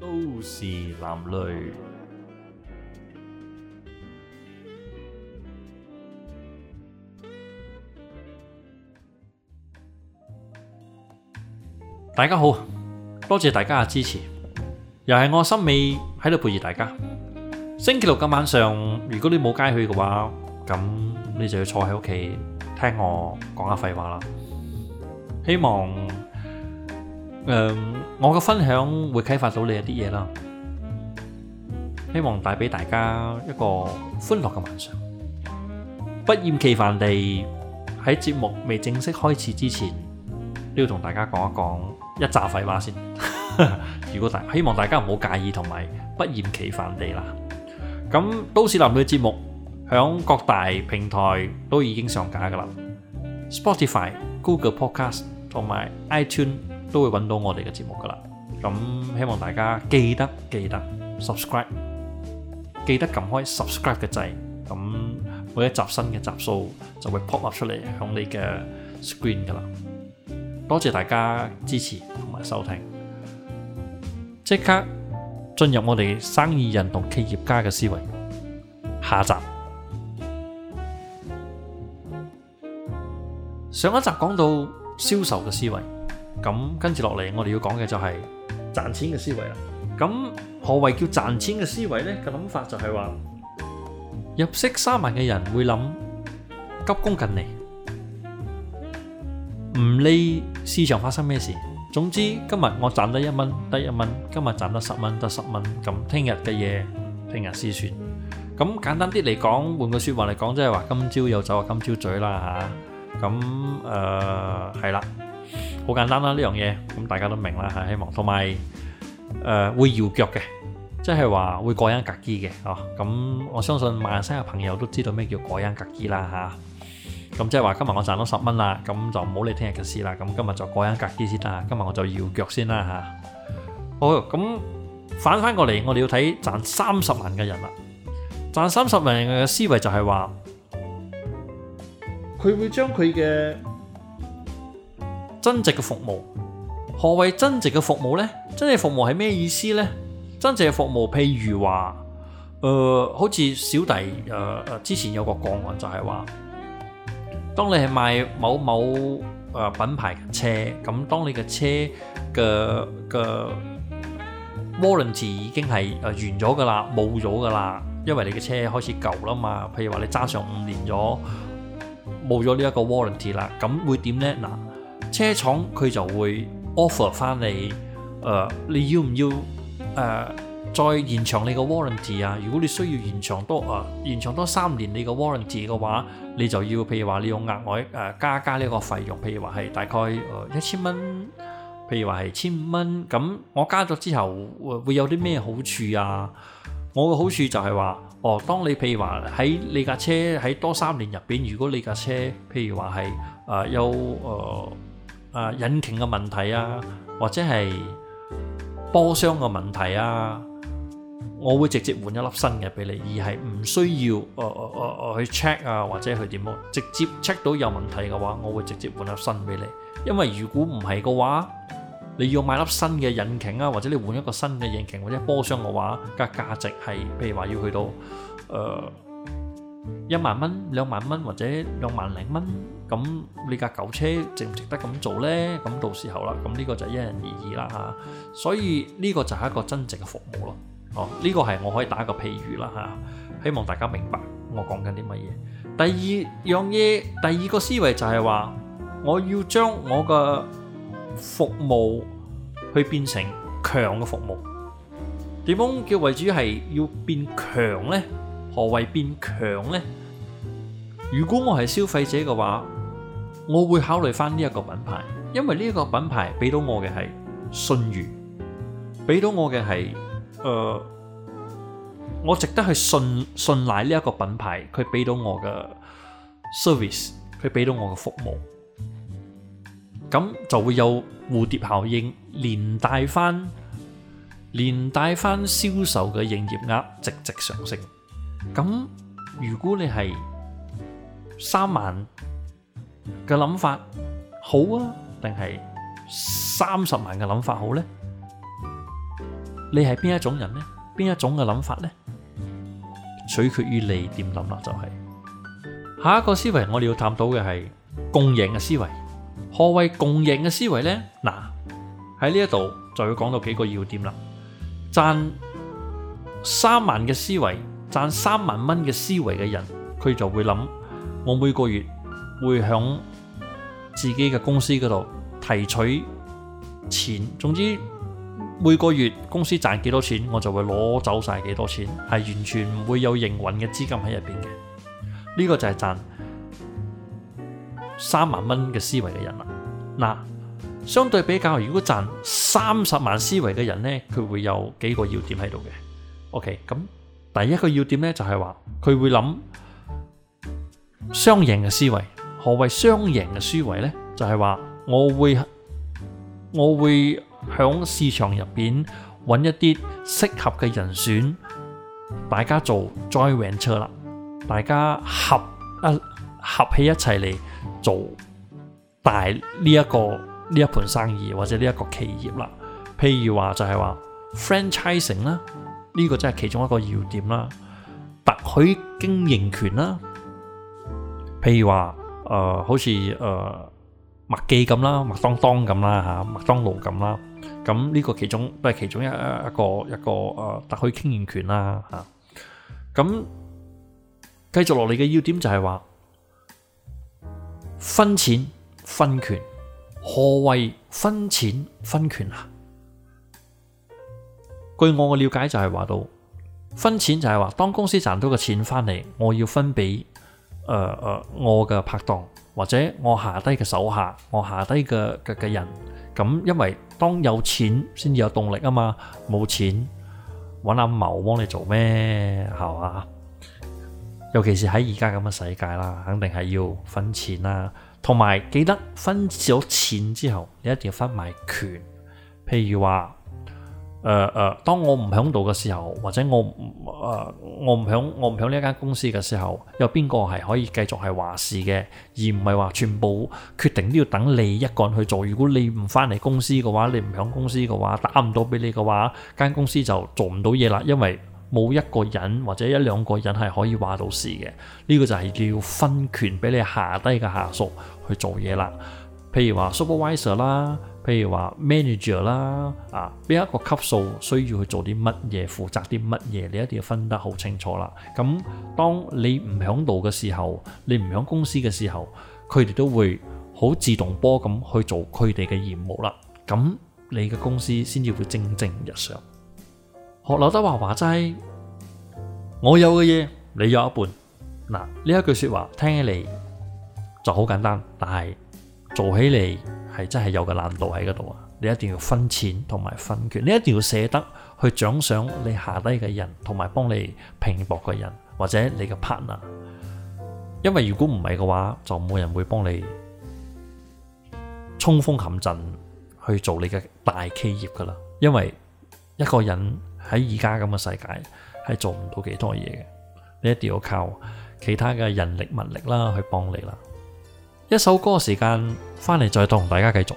都市男女。大家好，多謝大家嘅支持，又係我森美喺度陪住大家。星期六嘅晚上，如果你冇街去嘅話，咁你就要坐喺屋企聽我講下廢話啦。希望。誒，我嘅分享會啟發到你一啲嘢啦，希望帶俾大家一個歡樂嘅晚上。不厭其煩地喺節目未正式開始之前，都要同大家講一講一紮廢話先。如果大希望大家唔好介意，同埋不厭其煩地啦。咁都市男女節目喺各大平台都已經上架㗎喇，Spotify、Google Podcast 同埋 iTunes。都會揾到我哋嘅節目噶啦，咁希望大家記得記得 subscribe，記得撳開 subscribe 嘅掣，咁每一集新嘅集數就會 pop up 出嚟，響你嘅 screen 噶啦。多謝大家支持同埋收聽，即刻進入我哋生意人同企業家嘅思維。下集上一集講到銷售嘅思維。咁跟住落嚟，我哋要講嘅就係賺錢嘅思維啦。咁何謂叫賺錢嘅思維呢？個諗法就係話入息三萬嘅人會諗急功近利，唔理市場發生咩事。總之今日我賺得一蚊得一蚊，今日賺得十蚊得十蚊，咁聽日嘅嘢聽日思算。咁簡單啲嚟講，換個說話嚟講，即係話今朝有酒今朝醉啦吓。咁誒係啦。好簡單啦，呢樣嘢，咁大家都明啦吓，希望同埋誒會搖腳嘅，即係話會過人格機嘅哦。咁我相信馬來西亞朋友都知道咩叫過人格機啦吓。咁即係話今日我賺到十蚊啦，咁就唔好理聽日嘅事啦。咁今日就過人格機先啦，今日我就搖腳先啦吓。好，咁反翻過嚟，我哋要睇賺三十萬嘅人啦。賺三十萬嘅思維就係話，佢會將佢嘅。增值嘅服務，何為增值嘅服務呢？增值服務係咩意思呢？增值嘅服務，譬如話，誒、呃，好似小弟誒誒、呃、之前有個個案，就係話，當你係賣某某誒品牌嘅車，咁當你嘅車嘅嘅 warranty 已經係誒完咗㗎喇，冇咗㗎喇，因為你嘅車開始舊啦嘛。譬如話你揸上五年咗，冇咗呢一個 warranty 啦，咁會點呢？嗱。車廠佢就會 offer 翻你，誒、呃、你要唔要誒、呃、再延長你個 warranty 啊？如果你需要延長多誒延長多三年你個 warranty 嘅話，你就要譬如話你要額外誒、呃、加加呢個費用，譬如話係大概誒一千蚊，譬如話係千五蚊。咁我加咗之後、呃、會有啲咩好處啊？我嘅好處就係話，哦，當你譬如話喺你架車喺多三年入邊，如果你架車譬如話係誒有誒。呃啊引擎嘅問題啊，或者係波箱嘅問題啊，我會直接換一粒新嘅俾你，而係唔需要誒誒誒誒去 check 啊，或者去點啊，直接 check 到有問題嘅話，我會直接換粒新俾你。因為如果唔係嘅話，你要買粒新嘅引擎啊，或者你換一個新嘅引擎或者波箱嘅話，個價值係譬如話要去到誒一萬蚊、兩萬蚊或者兩萬零蚊。咁你架舊車值唔值得咁做呢？咁到時候啦，咁呢個就因人而異啦吓。所以呢個就係一個真正嘅服務咯。哦，呢個係我可以打一個譬喻啦吓，希望大家明白我講緊啲乜嘢。第二樣嘢，第二個思維就係話，我要將我嘅服務去變成強嘅服務。點樣叫為之係要變強呢？何謂變強呢？如果我係消費者嘅話。我會考慮翻呢一個品牌，因為呢一個品牌俾到我嘅係信譽，俾到我嘅係，誒、呃，我值得去信信賴呢一個品牌，佢俾到我嘅 service，佢俾到我嘅服務，咁就會有蝴蝶效應，連帶翻，連帶翻銷售嘅營業額直直上升。咁如果你係三萬。嘅諗法好啊，定係三十萬嘅諗法好呢？你係邊一種人呢？邊一種嘅諗法呢？取決於你點諗啦，就係下一個思維，我哋要探討嘅係共贏嘅思維。何謂共贏嘅思維呢？嗱，喺呢一度就要講到幾個要點啦。賺三萬嘅思維，賺三萬蚊嘅思維嘅人，佢就會諗我每個月。會喺自己嘅公司嗰度提取錢，總之每個月公司賺幾多錢，我就會攞走晒幾多錢，係完全唔會有營運嘅資金喺入邊嘅。呢個就係賺三萬蚊嘅思維嘅人啦。嗱，相對比較，如果賺三十萬思維嘅人呢，佢會有幾個要點喺度嘅。OK，咁第一個要點呢，就係話佢會諗雙贏嘅思維。何謂雙贏嘅思維呢？就係、是、話我會我會響市場入邊揾一啲適合嘅人選，大家做 joint venture 啦，大家合一合起一齊嚟做大呢、這、一個呢一盤生意或者呢一個企業啦。譬如話就係話 franchising 啦，Fr 呢、這個真係其中一個要點啦，特許經營權啦，譬如話。誒，好似誒麥記咁啦，麥當當咁啦吓，麥當勞咁啦，咁呢個其中都係其中一個一個一個誒特許經營權啦吓，咁繼續落嚟嘅要點就係話分錢分權。何謂分錢分權啊？據我嘅了解就係話到分錢就係話，當公司賺到嘅錢翻嚟，我要分俾。誒誒、呃呃，我嘅拍檔或者我下低嘅手下，我下低嘅嘅嘅人，咁因為當有錢先至有動力啊嘛，冇錢揾阿茂幫你做咩，係嘛？尤其是喺而家咁嘅世界啦，肯定係要分錢啦，同埋記得分咗錢之後，你一定要分埋權，譬如話。誒誒、呃，當我唔響度嘅時候，或者我誒、呃、我唔響我唔響呢間公司嘅時候，有邊個係可以繼續係話事嘅？而唔係話全部決定都要等你一個人去做。如果你唔翻嚟公司嘅話，你唔響公司嘅話，打唔到俾你嘅話，間公司就做唔到嘢啦。因為冇一個人或者一兩個人係可以話到事嘅。呢、呢個就係叫分權俾你下低嘅下屬去做嘢啦。譬如話 supervisor 啦。譬如話 manager 啦，啊，邊一個級數需要去做啲乜嘢，負責啲乜嘢，你一定要分得好清楚啦。咁當你唔響度嘅時候，你唔響公司嘅時候，佢哋都會好自動波咁去做佢哋嘅業務啦。咁你嘅公司先至會蒸蒸日上。學劉德華話齋，我有嘅嘢你有一半。嗱，呢一句説話聽起嚟就好簡單，但係做起嚟。係真係有個難度喺嗰度啊！你一定要分錢同埋分權，你一定要捨得去獎賞你下低嘅人，同埋幫你拼搏嘅人，或者你嘅 partner。因為如果唔係嘅話，就冇人會幫你衝鋒陷陣去做你嘅大企業㗎喇。因為一個人喺而家咁嘅世界係做唔到幾多嘢嘅，你一定要靠其他嘅人力物力啦去幫你啦。一首歌嘅時間，回嚟再同大家繼續。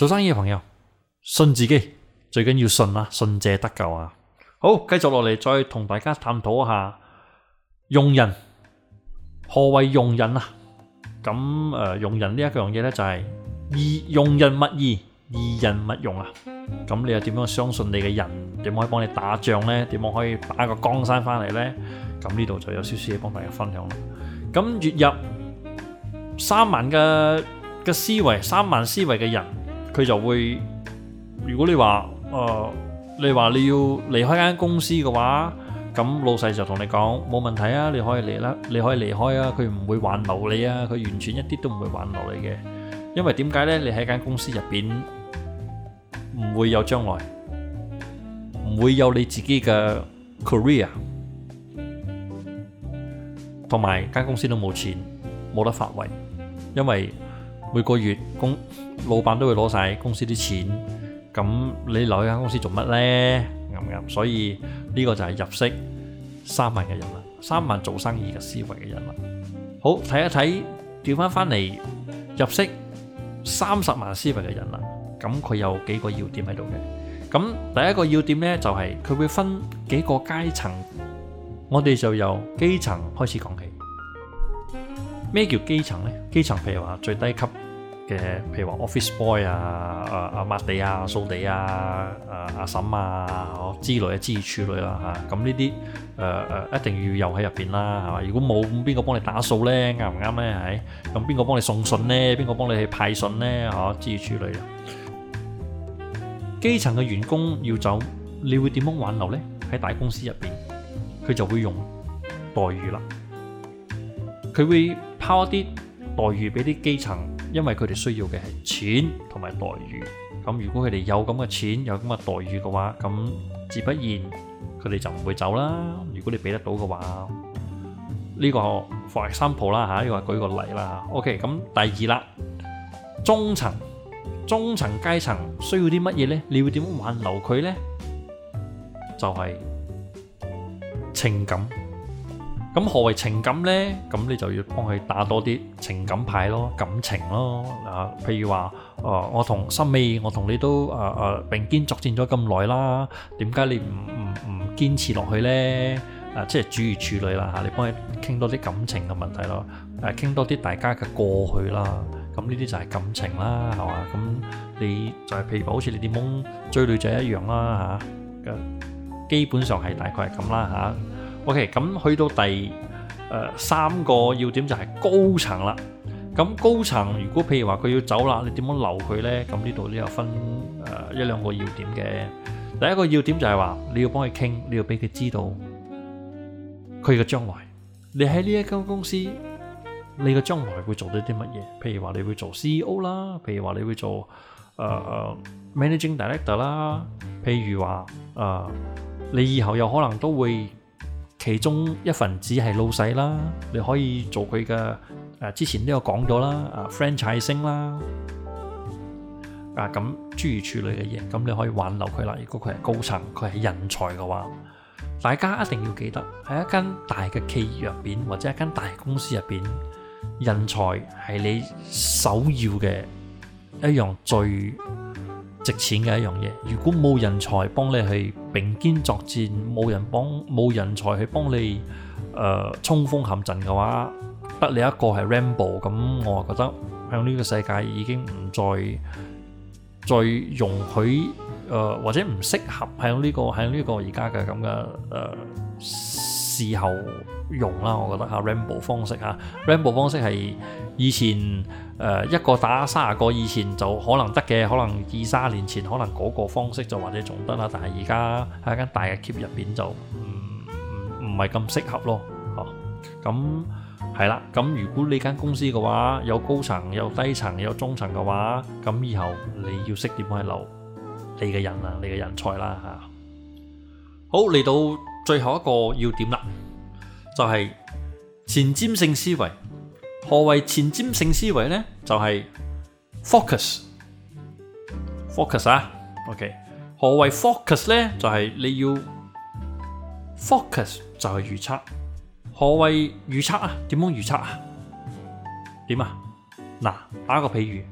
做生意嘅朋友，信自己最緊要是信啊，信者得救啊。好，繼續落嚟再同大家探討一下用人，何謂用人啊？咁誒，用、呃、人呢一樣嘢咧就係疑用人勿疑，疑人勿用啊。咁你又點樣相信你嘅人？點可以幫你打仗咧？點可以打個江山翻嚟呢？咁呢度就有少少嘢幫大家分享啦。咁月入三萬嘅思維，三萬思維嘅人。佢就會，如果你話，誒，你話你要離開間公司嘅話，咁老細就同你講冇問題啊，你可以離啦，你可以離開啊，佢唔會挽留你啊，佢完全一啲都唔會挽留你嘅，因為點解咧？你喺間公司入邊唔會有將來，唔會有你自己嘅 career，同埋間公司都冇錢，冇得發圍，因為，每個月公老闆都會攞晒公司啲錢，咁你留喺間公司做乜咧？啱唔啱？所以呢個就係入息三萬嘅人啦，三萬做生意嘅思維嘅人啦。好，睇一睇，調翻翻嚟入息三十萬思維嘅人啦。咁佢有幾個要點喺度嘅。咁第一個要點咧就係佢會分幾個階層，我哋就由基層開始講起。咩叫基層咧？基層譬如話最低級嘅，譬如話 office boy 啊、啊啊抹地啊、掃地啊、啊阿嬸啊之類嘅支援處理啦嚇。咁呢啲誒誒一定要有喺入邊啦，係嘛？如果冇邊個幫你打掃咧，啱唔啱咧？係咁邊個幫你送信咧？邊個幫你去派信咧？嚇，支援處理啊！基層嘅員工要走，你會點樣挽留咧？喺大公司入邊，佢就會用待遇啦，佢會。拋一啲待遇俾啲基層，因為佢哋需要嘅係錢同埋待遇。咁如果佢哋有咁嘅錢有咁嘅待遇嘅話，咁自不然佢哋就唔會走啦。如果你俾得到嘅話，呢、這個話係三步啦吓，呢個我舉個例啦。OK，咁第二啦，中層中層階層需要啲乜嘢呢？你會點樣挽留佢呢？就係、是、情感。咁何為情感呢？咁你就要幫佢打多啲情感牌囉，感情囉、啊。譬如話、呃、我同心美，我同你都誒、呃呃、並肩作戰咗咁耐啦，點解你唔唔唔堅持落去呢？即係注意處理啦、啊、你幫佢傾多啲感情嘅問題咯，傾、啊、多啲大家嘅過去啦，咁呢啲就係感情啦，係嘛？咁你就係、是，譬如好似你點樣追女仔一樣啦、啊、基本上係大概係咁啦 OK，咁去到第誒、呃、三個要點就係高層啦。咁高層如果譬如話佢要走啦，你點樣留佢咧？咁呢度都有分誒、呃、一兩個要點嘅。第一個要點就係話你要幫佢傾，你要俾佢知道佢嘅將來。你喺呢一間公司，你嘅將來會做到啲乜嘢？譬如話你會做 CEO 啦，譬如話你會做誒、呃、Managing Director 啦，譬如話誒、呃、你以後有可能都會。其中一份只係老細啦，你可以做佢嘅、啊、之前都有講咗啦，啊 franchising 啦，Fr ising，啊咁諸如此類嘅嘢，咁你可以挽留佢啦。如果佢係高層，佢係人才嘅話，大家一定要記得喺一間大嘅企業入邊或者一間大公司入邊，人才係你首要嘅一樣最值錢嘅一樣嘢，如果冇人才幫你去並肩作戰，冇人幫冇人才去幫你誒、呃、衝鋒陷陣嘅話，得你一個係 Rambo，咁我啊覺得喺呢個世界已經唔再再容許誒、呃、或者唔適合喺呢、這個喺呢個而家嘅咁嘅誒時候用啦，我覺得嚇、啊、Rambo 方式嚇、啊、Rambo 方式係以前。誒，一個打三十個以前就可能得嘅，可能二三十年前可能嗰個方式就或者仲得啦，但係而家喺間大嘅 club 入面就唔唔係咁適合咯咁係啦，咁如果你間公司嘅話有高層、有低層、有中層嘅話，咁以後你要識點去留你嘅人啦、啊，你嘅人才啦、啊、吓。好，嚟到最後一個要點啦，就係、是、前瞻性思維。何謂前瞻性思維呢？就係、是、focus，focus 啊，OK 何、就是 focus。何謂 focus 咧？就係你要 focus 就係預測。何謂預測啊？點樣預測啊？點啊？嗱、啊，打個比喻，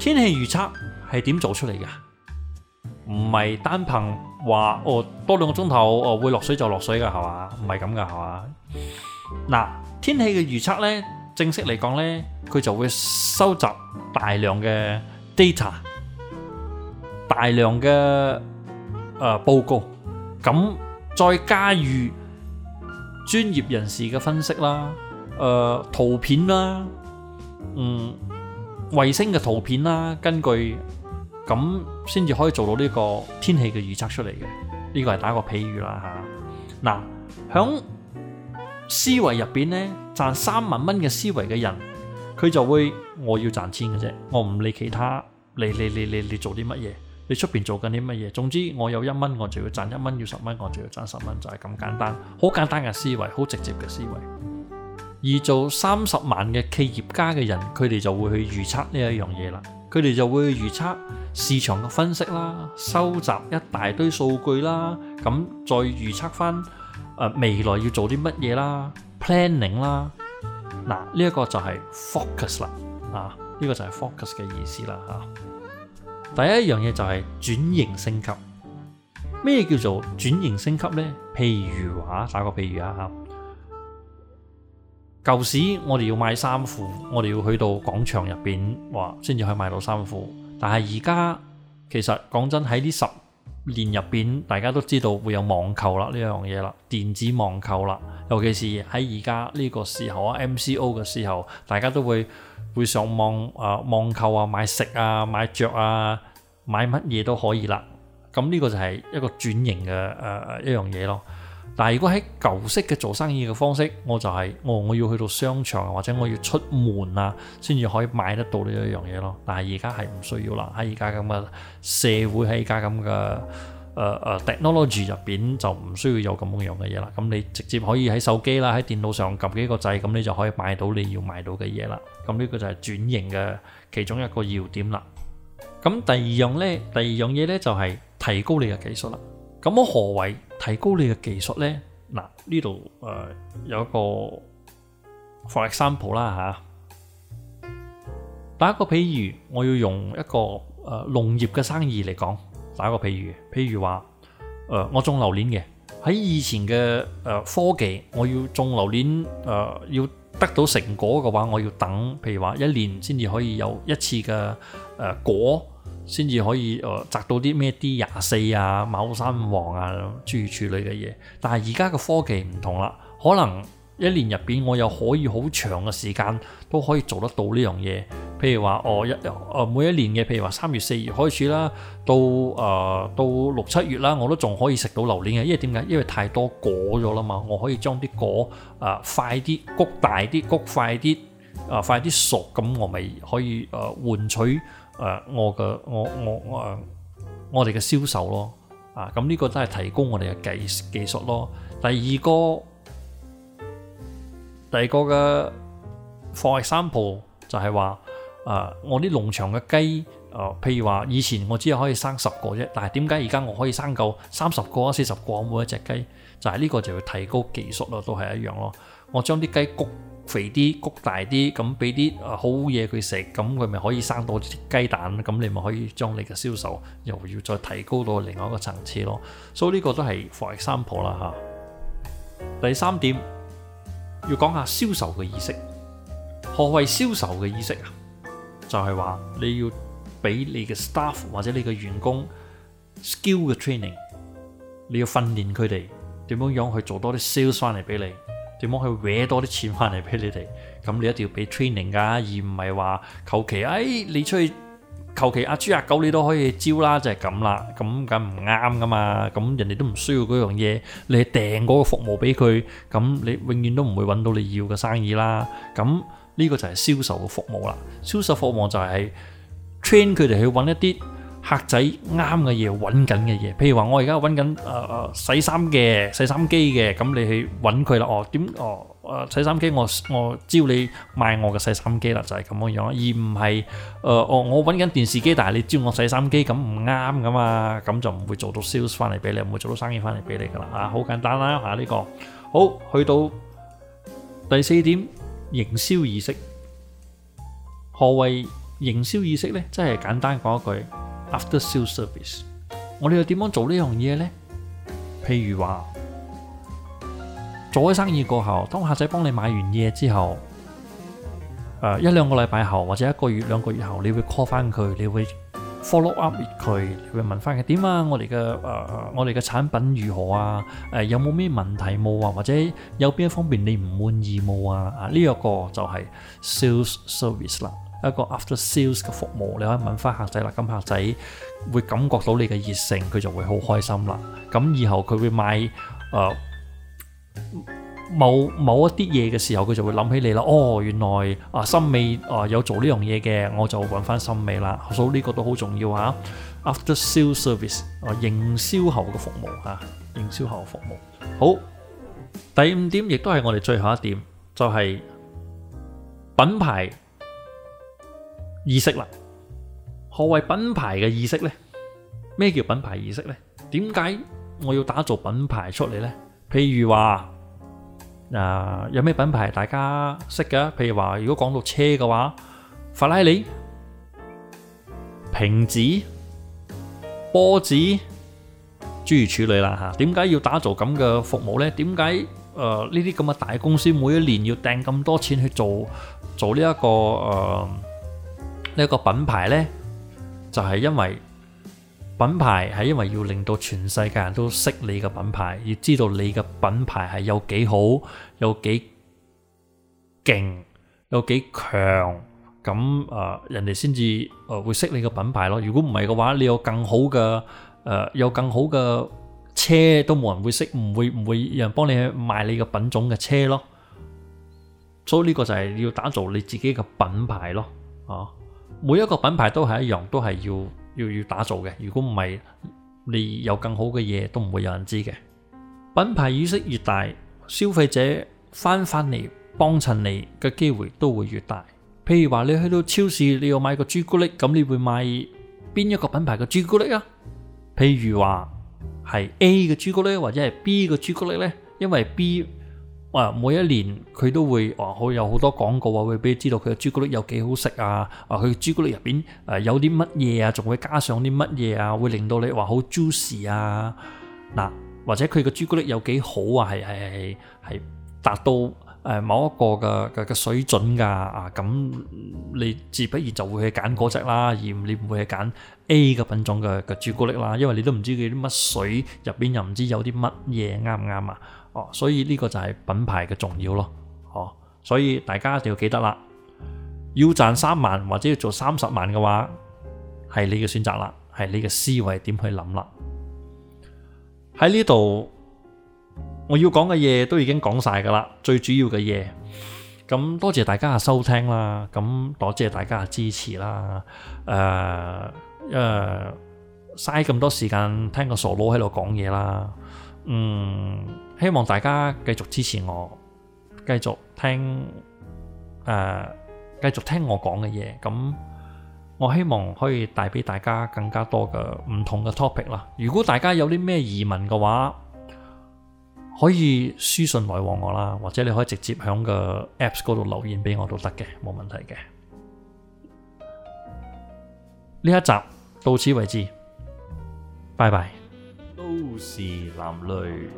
天氣預測係點做出嚟噶？唔係單憑話哦，多兩個鐘頭哦會落水就落水噶係嘛？唔係咁噶係嘛？嗱、啊，天氣嘅預測咧。正式嚟講咧，佢就會收集大量嘅 data，大量嘅誒、呃、報告，咁再加入專業人士嘅分析啦，誒、呃、圖片啦，嗯，衛星嘅圖片啦，根據咁先至可以做到呢個天氣嘅預測出嚟嘅。呢、這個係打個譬喻啦嚇。嗱、啊，響思維入邊呢，賺三萬蚊嘅思維嘅人，佢就會我要賺錢嘅啫，我唔理其他，你你你你你做啲乜嘢，你出邊做緊啲乜嘢，總之我有一蚊，我就要賺一蚊，要十蚊我就要賺十蚊，就係咁簡單，好簡單嘅思維，好直接嘅思維。而做三十萬嘅企業家嘅人，佢哋就會去預測呢一樣嘢啦，佢哋就會去預測市場嘅分析啦，收集一大堆數據啦，咁再預測翻。誒未來要做啲乜嘢啦？Planning 啦，嗱呢一個就係 focus 啦，啊、這、呢個就係 focus 嘅意思啦嚇。第一樣嘢就係轉型升級。咩叫做轉型升級咧？譬如話打個譬如啊，舊時我哋要買衫褲，我哋要去到廣場入邊話先至可以買到衫褲，但係而家其實講真喺呢十。年入面，大家都知道會有網購啦，呢樣嘢啦，電子網購啦，尤其是喺而家呢個時候啊，MCO 嘅時候，大家都會會上網啊、呃，網購啊，買食啊，買着啊，買乜嘢都可以啦。咁呢個就係一個轉型嘅誒、呃、一樣嘢咯。但係如果喺舊式嘅做生意嘅方式，我就係、係、我、哦、我要去到商場或者我要出門啊，先至可以買得到呢一樣嘢咯。但係而家係唔需要啦，喺而家咁嘅社會，喺而家咁嘅誒誒 technology 入邊就唔需要有咁樣樣嘅嘢啦。咁你直接可以喺手機啦，喺電腦上撳幾個掣，咁你就可以買到你要買到嘅嘢啦。咁呢個就係轉型嘅其中一個要點啦。咁第二樣咧，第二樣嘢咧就係、係、提高你嘅技術啦。咁我何為提高你嘅技術呢？嗱，呢度誒有一個 for example 啦嚇。打一個譬如，我要用一個誒農業嘅生意嚟講，打一個譬如，譬如話誒我種榴蓮嘅，喺以前嘅誒科技，我要種榴蓮誒要得到成果嘅話，我要等，譬如話一年先至可以有一次嘅誒果。先至可以誒、呃、摘到啲咩啲廿四啊、貓山王啊、諸如此類嘅嘢。但係而家嘅科技唔同啦，可能一年入面我又可以好長嘅時間都可以做得到呢樣嘢。譬如話，我、哦、一、呃、每一年嘅，譬如話三月四月開始啦，到、呃、到六七月啦，我都仲可以食到榴蓮嘅。因為點解？因為太多果咗啦嘛，我可以將啲果誒、呃、快啲谷大啲、谷、啊、快啲快啲熟，咁我咪可以、呃、換取。誒，我嘅我我我，我哋嘅銷售咯，啊，咁呢個都係提供我哋嘅技技術咯。第二個，第二個嘅 for example 就係話，誒、呃，我啲農場嘅雞，誒、呃，譬如話以前我只係可以生十個啫，但係點解而家我可以生夠三十個或四十個每一隻雞？就係、是、呢個就要提高技術咯，都係一樣咯。我將啲雞焗。肥啲谷大啲，咁俾啲好嘢佢食，咁佢咪可以生多啲雞蛋咧？咁你咪可以將你嘅銷售又要再提高到另外一個層次咯。所以呢個都係 for example 啦嚇。第三點要講下銷售嘅意識，何謂銷售嘅意識啊？就係話你要俾你嘅 staff 或者你嘅員工 skill 嘅 training，你要訓練佢哋點樣樣去做多啲 sales 翻嚟俾你。點樣去搲多啲錢翻嚟俾你哋？咁你一定要俾 training 噶，而唔係話求其誒你出去求其阿豬阿狗你都可以招啦，就係咁啦。咁梗唔啱噶嘛？咁人哋都唔需要嗰樣嘢，你訂嗰個服務俾佢，咁你永遠都唔會揾到你要嘅生意啦。咁呢個就係銷售嘅服務啦。銷售服務就係 train 佢哋去揾一啲。客仔啱嘅嘢，揾緊嘅嘢，譬如話，我而家揾緊誒誒洗衫嘅洗衫機嘅，咁你去揾佢啦。哦，點哦誒洗衫機，我我招你買我嘅洗衫機啦，就係咁樣樣，而唔係誒我我揾緊電視機，但係你招我洗衫機咁唔啱噶嘛，咁就唔會做到 sales 翻嚟俾你，唔會做到生意翻嚟俾你噶啦。嚇，好簡單啦，嚇呢個好去到第四點，營銷意識。何謂營銷意識呢？真係簡單講一句。After-sales service，我哋又點樣做呢樣嘢呢？譬如話，做咗生意過後，當客仔幫你買完嘢之後，誒一兩個禮拜後或者一個月兩個月後，你會 call 翻佢，你會 follow up 佢，你會問翻佢點啊？我哋嘅誒我哋嘅產品如何啊？誒、呃、有冇咩問題冇啊？或者有邊一方面你唔滿意冇啊？啊呢一個就係 sales service 啦。一個 after sales 嘅服務，你可以問翻客仔啦，咁客仔會感覺到你嘅熱誠，佢就會好開心啦。咁以後佢會買誒某某一啲嘢嘅時候，佢就會諗起你啦。哦，原來啊心美啊有做呢樣嘢嘅，我就揾翻心美啦。所以呢個都好重要嚇，after sales service 啊，營銷後嘅服務嚇，營銷後服務。好，第五點亦都係我哋最後一點，就係品牌。意識啦，何謂品牌嘅意識呢？咩叫品牌意識呢？點解我要打造品牌出嚟呢？譬如話，啊，有咩品牌大家識㗎？譬如話，如果講到車嘅話，法拉利、平治、波子、諸如此類啦吓，點解要打造咁嘅服務呢？點解誒呢啲咁嘅大公司每一年要掟咁多錢去做做呢一個誒？呢一個品牌呢，就係、是、因為品牌係因為要令到全世界人都識你嘅品牌，要知道你嘅品牌係有幾好，有幾勁，有幾強，咁啊、呃、人哋先至啊會識你嘅品牌咯。如果唔係嘅話，你有更好嘅誒、呃，有更好嘅車都冇人會識，唔會唔會有人幫你去賣你嘅品種嘅車咯。所以呢個就係要打造你自己嘅品牌咯，啊！每一個品牌都係一樣，都係要要要打造嘅。如果唔係，你有更好嘅嘢都唔會有人知嘅。品牌意識越大，消費者翻返嚟幫襯你嘅機會都會越大。譬如話你去到超市，你要買個朱古力，咁你會買邊一個品牌嘅朱古力啊？譬如話係 A 嘅朱古力，或者係 B 嘅朱古力呢？因為 B。啊！每一年佢都會話好有好多廣告啊，會俾你知道佢嘅朱古力有幾好食啊！啊，佢朱古力入邊誒有啲乜嘢啊？仲會加上啲乜嘢啊？會令到你話好 juicy 啊！嗱，或者佢嘅朱古力有幾好啊？係係係係達到誒某一個嘅嘅嘅水準㗎啊！咁你自不然就會去揀嗰隻啦，而你唔會去揀 A 嘅品種嘅嘅朱古力啦，因為你都唔知佢啲乜水入邊又唔知有啲乜嘢，啱唔啱啊？所以呢個就係品牌嘅重要咯。哦，所以大家一定要記得啦，要賺三萬或者要做三十萬嘅話，係你嘅選擇啦，係你嘅思維點去諗啦。喺呢度我要講嘅嘢都已經講晒噶啦，最主要嘅嘢。咁多謝大家嘅收聽啦，咁多謝大家嘅支持啦，誒，誒，嘥咁多時間聽個傻佬喺度講嘢啦。嗯，希望大家繼續支持我，繼續聽誒，繼續聽我講嘅嘢。咁我希望可以帶俾大家更加多嘅唔同嘅 topic 啦。如果大家有啲咩疑問嘅話，可以書信來往我啦，或者你可以直接響個 apps 嗰度留言俾我都得嘅，冇問題嘅。呢一集到此為止，拜拜。都市男女。